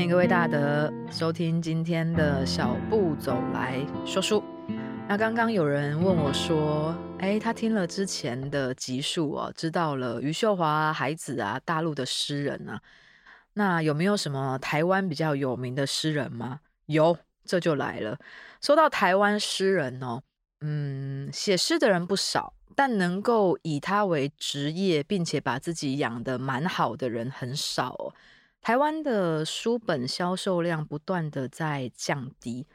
歡迎各位大德，收聽今天的小步走來說書。那剛剛有人問我說：“誒，他聽了之前的集數哦，知道了余秀華、啊、海子啊，大陸的詩人啊，那有沒有什麼台灣比較有名的詩人嗎？”有，這就來了。說到台灣詩人哦，嗯，寫詩的人不少，但能夠以他為職業，並且把自己養得蠻好的人很少哦。台灣的書本銷售量不斷的在降低，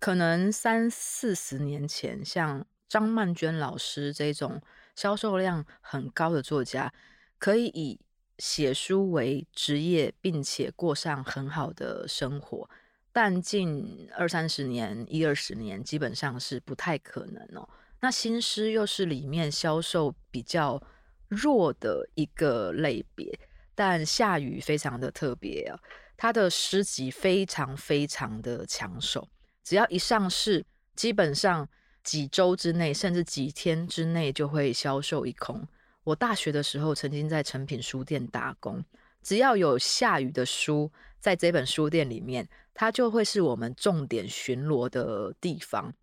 可能三四十年前，像張曼娟老師這種銷售量很高的作家，可以以寫書為職業，並且過上很好的生活。但近二三十年、一二十年，基本上是不太可能哦。那新詩又是裡面銷售比較弱的一個類別。但夏雨非常的特別啊，他的詩集非常非常的搶手，只要一上市，基本上幾周之內，甚至幾天之內就會銷售一空。我大學的時候曾經在成品書店打工，只要有夏雨的書在這本書店裡面，它就會是我們重點巡邏的地方。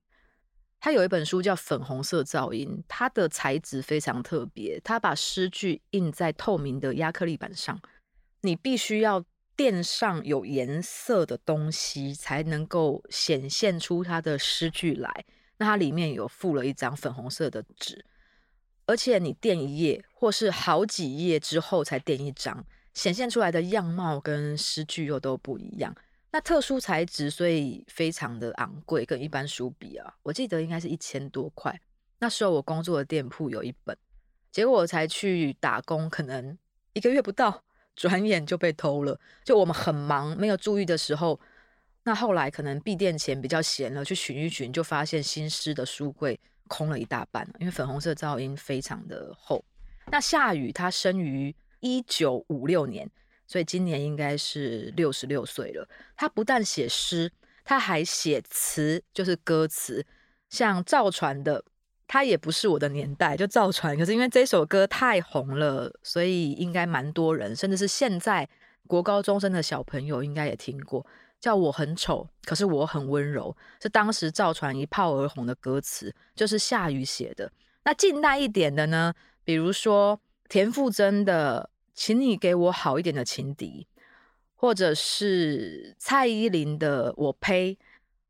他有一本書叫《粉紅色噪音》，它的材質非常特別，他把詩句印在透明的壓克力板上，你必須要墊上有顏色的東西才能夠顯現出他的詩句來。那它裡面有附了一張粉紅色的紙，而且你墊一頁或是好幾頁之後才墊一張，顯現出來的樣貌跟詩句又都不一樣。那特殊材質，所以非常的昂貴，跟一般書比啊，我記得應該是一千多塊。那時候我工作的店鋪有一本，結果我才去打工，可能一個月不到，轉眼就被偷了。就我們很忙，沒有注意的時候。那後來可能閉店前比較閒了，去尋一尋，就發現新詩的書櫃空了一大半，因為粉紅色噪音非常的厚。那夏宇她生於一九五六年。所以今年應該是六十六歲了。他不但寫詩，他還寫詞，就是歌詞。像趙傳的，他也不是我的年代，就趙傳，可是因為這首歌太紅了，所以應該蠻多人，甚至是現在國高中生的小朋友應該也聽過。叫我很醜，可是我很溫柔，是當時趙傳一炮而紅的歌詞，就是夏宇寫的。那近代一點的呢，比如說田馥甄的。請你給我好一點的情敵，或者是蔡依林的《我呸》，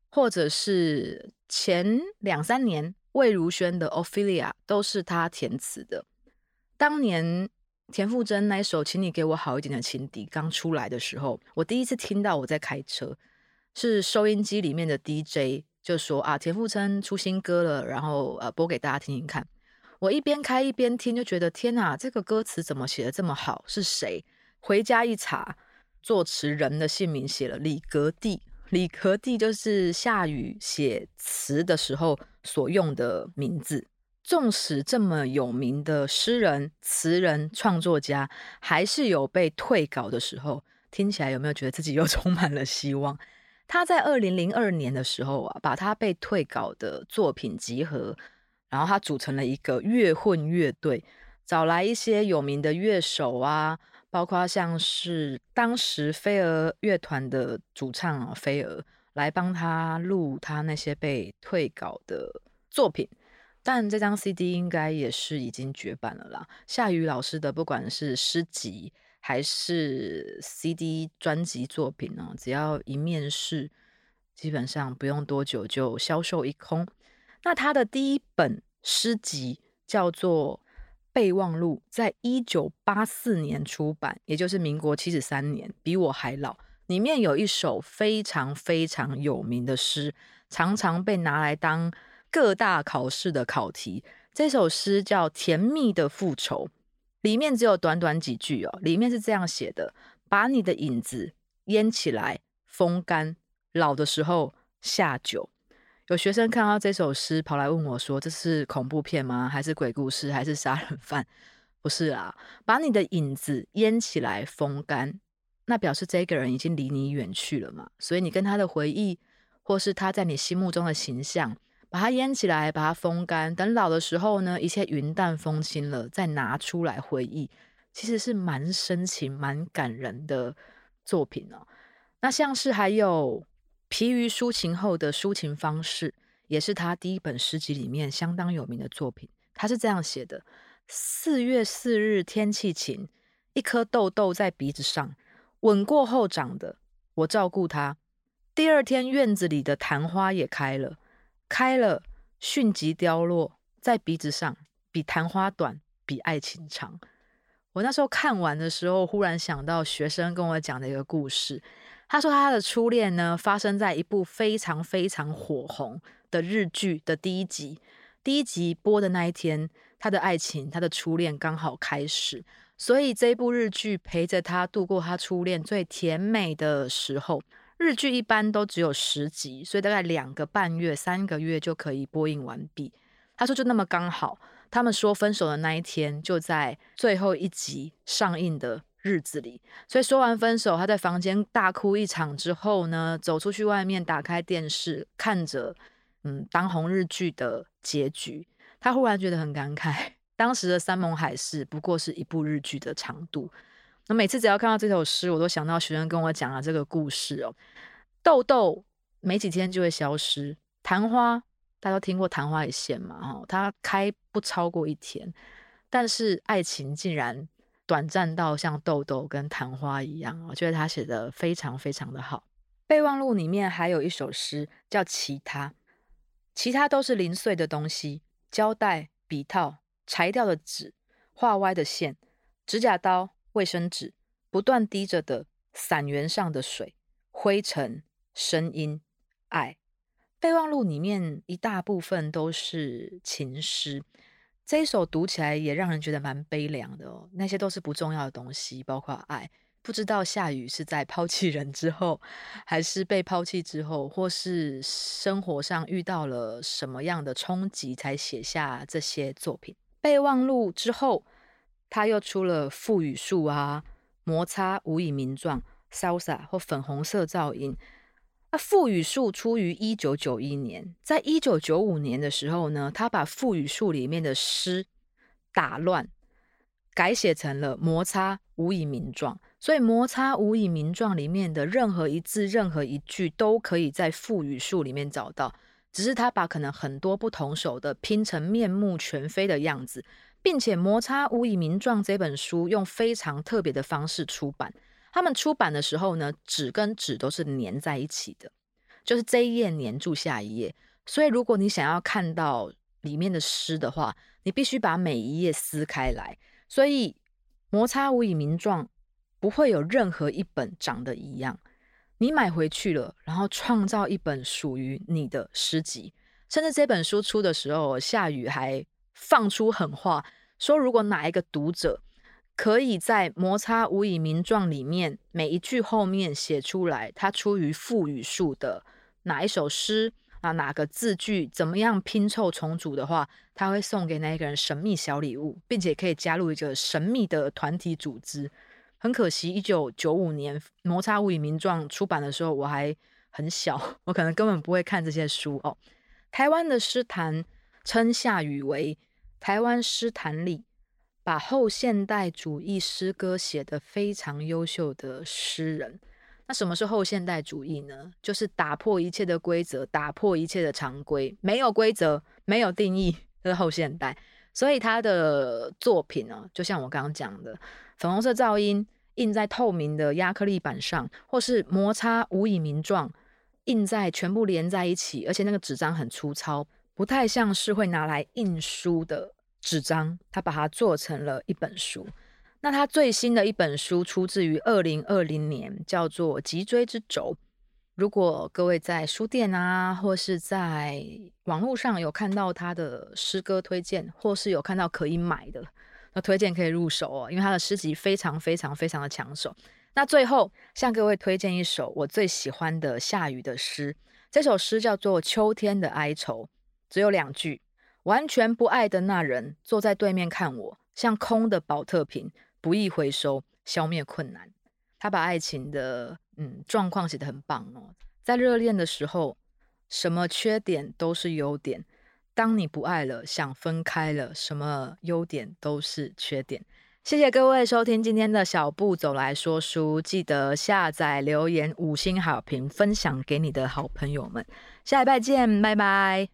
或者是前兩三年魏如萱的《Ophelia》，都是她填詞的。當年田馥甄那首《請你給我好一點的情敵》剛出來的時候，我第一次聽到，我在開車，是收音機裡面的 DJ 就說啊，田馥甄出新歌了，然後呃播給大家聽聽看。我一邊開一邊聽，就覺得天啊，這個歌詞怎麼寫的這麼好？是誰？回家一查，作詞人的姓名寫了李格弟。李格弟就是夏宇寫詞的時候所用的名字。縱使這麼有名的詩人、詞人、創作家，還是有被退稿的時候。聽起來有沒有覺得自己又充滿了希望？他在二零零二年的時候啊，把他被退稿的作品集合。然後他組成了一個樂混樂隊，找來一些有名的樂手啊，包括像是當時飛兒樂團的主唱啊飛兒來幫他錄他那些被退稿的作品。但這張 CD 應該也是已經絕版了啦。夏宇老師的不管是詩集還是 CD 專輯作品呢、啊，只要一面市，基本上不用多久就銷售一空。那他的第一本。詩集叫做《備忘錄》，在一九八四年出版，也就是民國七十三年，比我還老。裡面有一首非常非常有名的詩，常常被拿來當各大考試的考題。這首詩叫《甜蜜的復仇》，裡面只有短短幾句哦。裡面是這樣寫的：把你的影子醃起來，風乾，老的時候下酒。有學生看到這首詩跑來問我說，說這是恐怖片嗎？還是鬼故事？還是殺人犯？不是啊，把你的影子醃起來風乾，那表示這個人已經離你遠去了嘛。所以你跟他的回憶，或是他在你心目中的形象，把它醃起來，把它風乾，等老的時候呢，一切雲淡風輕了，再拿出來回憶，其實是蠻深情、蠻感人的作品哦。那像是還有。疲於抒情後的抒情方式，也是他第一本詩集裡面相當有名的作品。他是這樣寫的：四月四日，天氣晴，一顆痘痘在鼻子上，吻過後長的，我照顧它。第二天，院子裡的曇花也開了，開了，迅即凋落。在鼻子上，比曇花短，比愛情長。我那時候看完的時候，忽然想到學生跟我講的一個故事。他說，他的初戀呢，發生在一部非常非常火紅的日劇的第一集。第一集播的那一天，他的愛情，他的初戀剛好開始，所以這一部日劇陪着他度過他初戀最甜美的時候。日劇一般都只有十集，所以大概兩個半月、三個月就可以播映完畢。他說，就那麼剛好，他們說分手的那一天就在最後一集上映的日子裡，所以說完分手，他在房間大哭一場之後呢，走出去外面，打開電視，看着嗯當紅日劇的結局，他忽然覺得很感慨，當時的山盟海誓不過是一部日劇的長度。那每次只要看到這首詩，我都想到學生跟我講了這個故事哦。痘痘沒幾天就會消失，曇花大家都聽過曇花一現嘛，哈、哦，它開不超過一天，但是愛情竟然。短暫到像豆豆跟曇花一樣，我覺得他寫得非常非常的好。備忘錄裡面還有一首詩叫《其他》，其他都是零碎的東西：膠帶、筆套、裁掉的紙、畫歪的線、指甲刀、衛生紙、不斷滴着的傘緣上的水、灰塵、聲音、愛。備忘錄裡面一大部分都是情詩。這一首讀起來也讓人覺得蠻悲涼的哦。那些都是不重要的東西，包括愛。不知道夏宇是在拋棄人之後，還是被拋棄之後，或是生活上遇到了什麼樣的衝擊才寫下這些作品。備忘錄之後，他又出了《腹語術》啊，《摩擦》《無以名狀》《Salsa》或《粉紅色噪音》。他腹語術出於一九九一年，在一九九五年的時候呢，他把腹語術裡面的詩打亂，改寫成了《摩擦無以名狀》。所以，《摩擦無以名狀》裡面的任何一字、任何一句都可以在腹語術裡面找到，只是他把可能很多不同手的拼成面目全非的樣子，並且《摩擦無以名狀》這本書用非常特別的方式出版。他們出版的時候呢，紙跟紙都是粘在一起的，就是這一頁粘住下一頁，所以如果你想要看到裡面的詩的話，你必須把每一頁撕開來。所以摩擦無以名狀，不會有任何一本長得一樣。你買回去了，然後創造一本屬於你的詩集。甚至這本書出的時候，夏宇還放出狠話，說如果哪一個讀者。可以在《摩擦無以名狀》裡面每一句後面寫出來，它出於腹語術的哪一首詩啊，哪個字句怎麼樣拼湊重組的話，他會送給那一個人神祕小禮物，並且可以加入一個神祕的團體組織。很可惜，一九九五年《摩擦無以名狀》出版的時候，我還很小，我可能根本不會看這些書哦。台灣的詩壇稱夏宇為台灣詩壇裡。把後現代主義詩歌寫得非常優秀的詩人。那什麼是後現代主義呢？就是打破一切的規則，打破一切的常規，沒有規則、沒有定義的後現代。所以他的作品呢、啊，就像我剛剛講的，粉紅色噪音印在透明的壓克力板上，或是摩擦無以名狀印在全部連在一起，而且那個紙張很粗糙，不太像是會拿來印書的。紙張，他把它做成了一本書。那他最新的一本書出自於二零二零年，叫做《脊椎之軸》。如果各位在書店啊，或是在網絡上有看到他的詩歌推薦，或是有看到可以買的，那推薦可以入手哦，因為他的詩集非常非常非常的搶手。那最後向各位推薦一首我最喜歡的夏宇的詩，這首詩叫做《秋天的哀愁》，只有兩句。完全不愛的那人坐在對面看我，像空的寶特瓶，不易回收，消滅困難。他把愛情的嗯狀況寫得很棒哦。在熱戀的時候，什麼缺點都是優點；當你不愛了，想分開了，什麼優點都是缺點。謝謝各位收聽今天的小步走來說書，記得下載、留言、五星好評、分享給你的好朋友們。下禮拜見，拜拜。